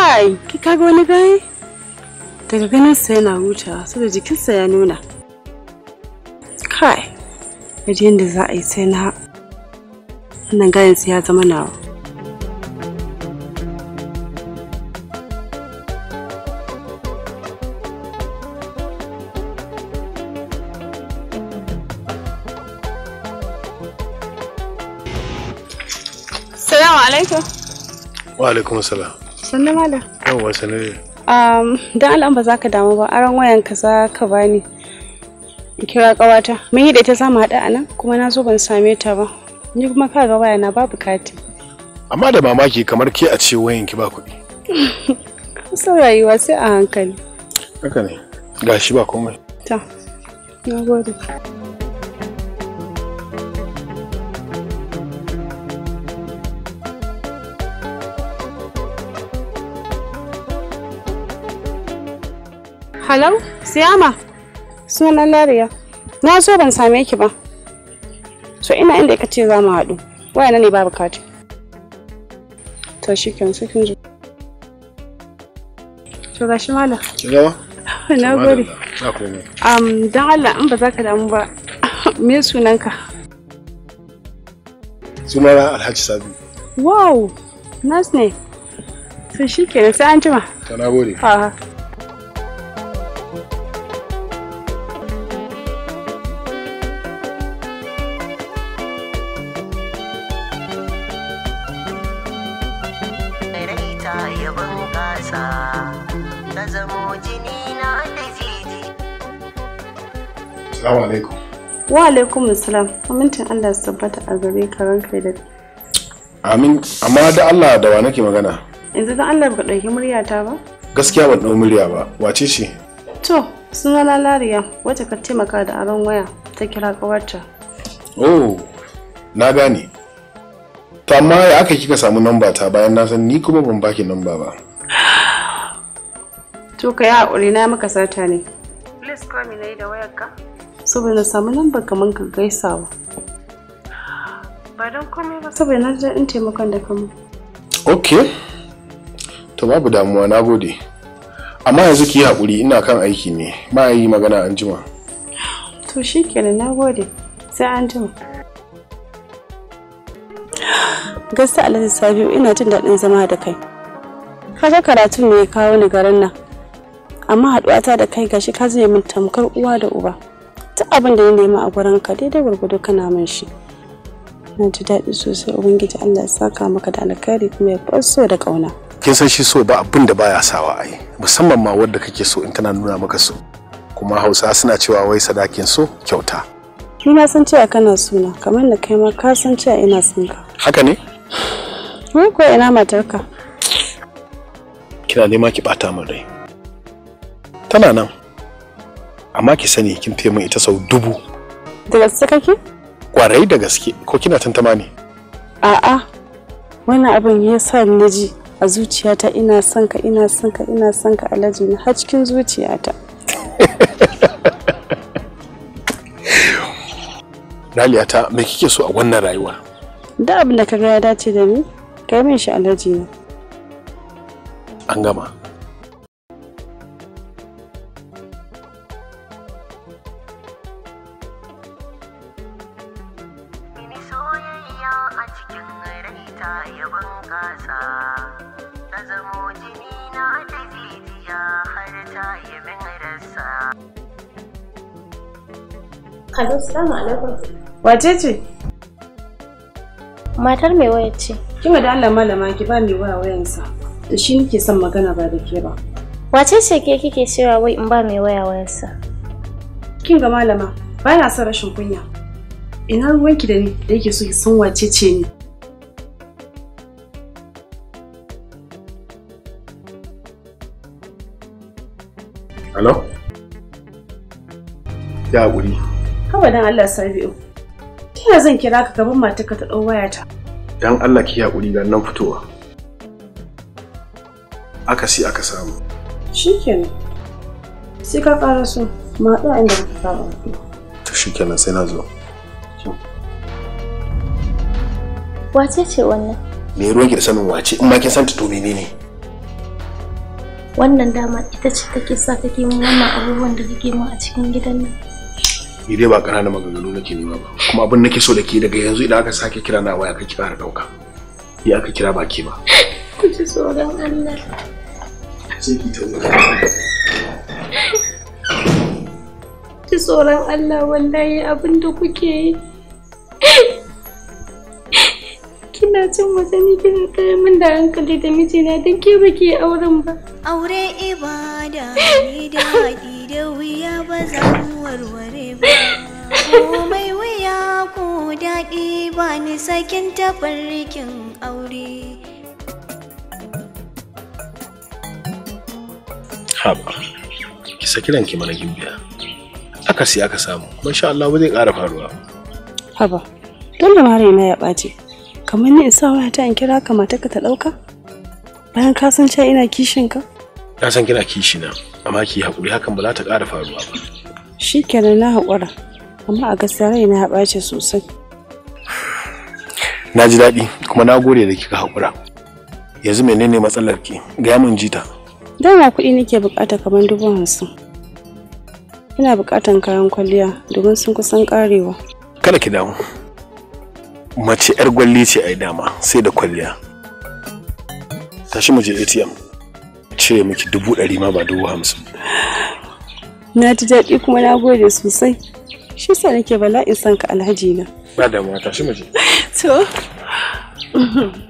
kai ki kaga wani gai daga ganinsa yana hutawa saboda jikinsa ya nuna kai yaji yadda za a yi sai na wannan gayansa ya zama nawa Salamu alaikum. Wa alaikum salam. sannu malam yawwa sannu ne. dan Allah ba za ka damu ba aron wayan ka za ka bani kira kawata mun yi da ita zamu haɗa nan kuma na zo ban same ta ba ni kuma ka ga waya na babu kati amma da mamaki kamar ke a ce wayan ki ba kuɗi kusa rayuwa sai a hankali haka ne gashi ba komai ta na gode Halau? Siyama? Sunan Lariya. Na zo ban same ki ba. So ina inda ka ce za mu haɗu. Waya ne babu kati. To shi kyan su kin ji. To ga shi mala. Kin gama? Na gode. Um, don Allah in ba za ka damu ba. Me sunanka? Sunana Alhaji Sabi. Wow! Nice ne. So shi kenan sai an jima. Ta na gode. ta ya bunƙasa ta zamo jini na da jiji. Salamu alaikum. Wa alaikum salam. Amincin Allah su tabbata a gare ka ranka da. Amin. Amma da Allah da wa nake magana? Yanzu dan Allah baka ɗauki muryata ba? Gaskiya ban ɗau murya ba. Wace ce? To, suna lalariya wacce ka taimaka da aron waya ta kira ƙawarta. Oh, na gane. to amma ya aka kika samu namba ta bayan na san ni kuma ban baki namba ba to ka yi haƙuri na maka sata ne please call me nayi da wayar ka saboda na samu lambar ka gaisa gaisawa ba don komai ba saboda na ji in taimakon da kamu okay to babu damuwa na gode amma yanzu ki yi haƙuri ina kan aiki ne ba yi magana an jima to shikenan na gode sai an jima gaskiya alhaji sabiu ina jin daɗin zama da kai kaga karatun ne ya kawo ni garin nan amma haɗuwata da kai gashi ka zai min tamkar uwa da uba Ta abin da ya nema a gurin ka daidai gwargwado kana min shi na ji daɗi sosai ubangiji allah ya saka maka da alkhairi kuma ya bar so da ƙauna kin san shi so ba abin da baya sawa ai musamman ma wanda kake so in tana nuna maka so kuma hausa suna cewa wai sadakin so kyauta ni na san cewa kana suna kamar da kai ma ka san cewa ina son ka haka ne Mun ko ina matarka? Kina nema ki bata min rai. Tana nan. Amma ki sani kin fi min ita sau dubu. Da gaske kake? Kwarai da gaske. Ko kina tantama ne? A'a. Wannan abin ya sa ni ji a zuciyata ina son ka ina son ka ina son ka alaji na har cikin zuciyata. Raliya ta me kike so a wannan rayuwa? Da abin da ka ga ya dace da ni. kai min shi alhaji ne an gama Hello, salamu alaikum. Wace ce? Matar mai wayar ce. Kima da Allah malama ki ba ni waya wayansa. Da shi nake son magana ba da ke ba. Wace ce ke kike cewa wai in ba mai waya sa Kin ga malama, ba na son rashin kunya. Ina ruwan ki da ni da yake so ki san wace ce ni. Hello? Ya guri. Kawai dan Allah Sabi'u. Ta zan kira ka gaban matarka ta ɗau wayata? don Allah ki haƙuri da nan fitowa aka si aka samu shikenan sai ka ƙara so ma ɗaya inda ka fara to shikenan sai na zo wace ce wannan me ruwan ki da sanin wace in ma kin san ta to menene wannan dama ita ce take sa kake mun wannan abubuwan da kake mun a cikin gidan nan ni dai ba ƙananan maganganu nake nema ba kuma abin nake so da ke daga yanzu idan aka sake kira na waya ka kira da ɗauka ya aka kira ba ke ba ku ji tsoron Allah sai ki ta tsoron Allah wallahi abin da kuke yi kina cin waje ni kina kai min da hankali da mijina don ke ba ke auren ba. Aure ibada da daɗi da wuya ba za mu warware ba. Komai wuya ko daɗi ba ni sakin tafarkin aure. Haba, ki saki ranki mana gimbiya. Aka Akasi aka samu, masha Allah ba zai ƙara faruwa. Haba, don dole ma na ya ɓace. kamar ni in sa waya ta in kira ka mata ka ta ɗauka bayan ka san cewa ina kishin ka na san kina kishi na amma ki haƙuri hakan ba za ta ƙara faruwa ba shikenan na hakura amma a gaskiya rai na ɓace sosai na ji daɗi kuma na gode da kika haƙura yanzu menene matsalar ki ga min jita dama kuɗi nake buƙata kamar dubu hamsin ina bukatan kayan kwalliya domin sun kusan karewa kada ki damu mace yar gwalli ce ai dama sai da kwalliya tashi mu je ATM cire miki dubu ɗari ma ba dubu hamsin na ji daɗi kuma na gode sosai shi sa nake bala'in sanka ka alhaji na ba damuwa tashi mu je to